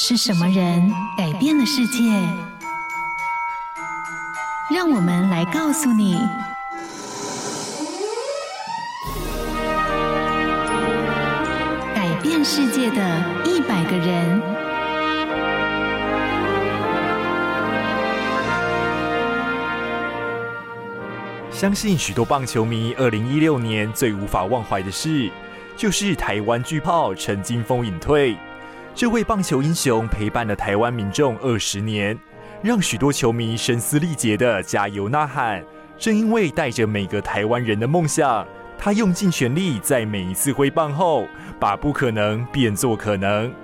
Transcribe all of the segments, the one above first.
是什麼人改變了世界？讓我們來告訴你：改變世界的一百個人。相信許多棒球迷，二零一六年最無法忘懷的事，就是台灣巨砲陳金鋒隱退。這位棒球英雄陪伴了台灣民眾二十年，讓許多球迷聲嘶力竭的加油吶喊。正因為帶着每個台灣人的夢想，他用盡全力，在每一次揮棒後，把不可能變作可能。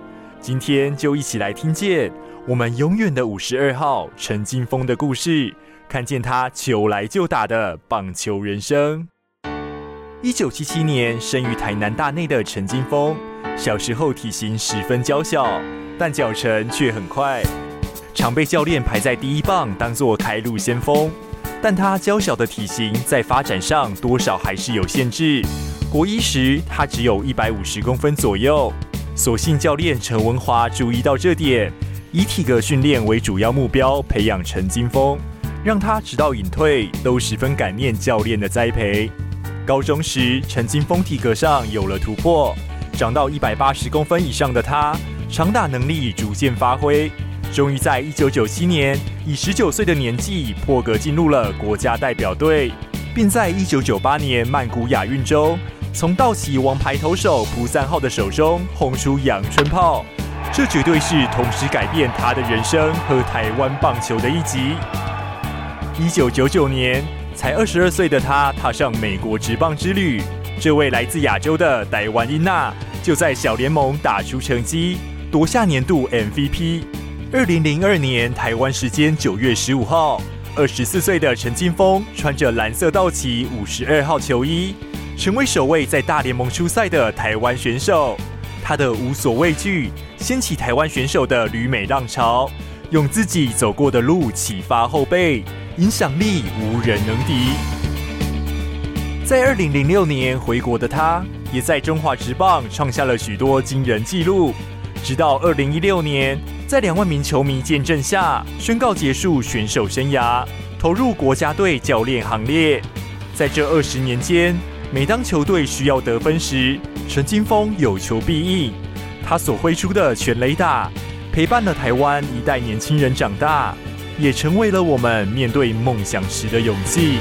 今天就一起來聽見我們永遠的五十二號陳金鋒的故事，看見他球來就打的棒球人生。一九七七年，生於台南大內的陳金鋒，小時候體型十分嬌小，但腳程卻很快，常被教練排在第一棒，當作開路先鋒。但他嬌小的體型在發展上多少還是有限制。國一時他只有一百五十公分左右，所幸教練陳文華注意到這點，以體格訓練為主要目標，培養陳金鋒，讓他直到隱退都十分感念教練的栽培。高中時陳金鋒體格上有了突破。長到一百八十公分以上的他，長打能力逐漸發揮，終於在一九九七年以十九歲的年紀破格進入了國家代表隊，並在一九九八年曼谷亞運中從道奇王牌投手朴贊浩的手中轟出陽春炮，這絕對是同時改變他的人生和台灣棒球的一集。一九九九年才二十二歲的他踏上美國職棒之旅。這位來自亞洲的台灣伊娜，就在小聯盟打出成績，奪下年度 MVP。二零零二年台灣時間九月十五號，二十四歲的陳金鋒穿着藍色道奇五十二號球衣，成為首位在大聯盟出賽的台灣選手。他的無所畏懼，掀起台灣選手的旅美浪潮，用自己走過的路啟發後輩，影響力無人能敵。在二零零六年回國的他，也在《中華職棒》創下了許多驚人紀錄。直到二零一六年，在兩萬名球迷見證下，宣告結束選手生涯，投入國家隊教練行列。在這二十年間，每當球隊需要得分時，陳金鋒有求必應。他所揮出的全壘打，陪伴了台灣一代年輕人長大，也成為了我們面對夢想時的勇氣。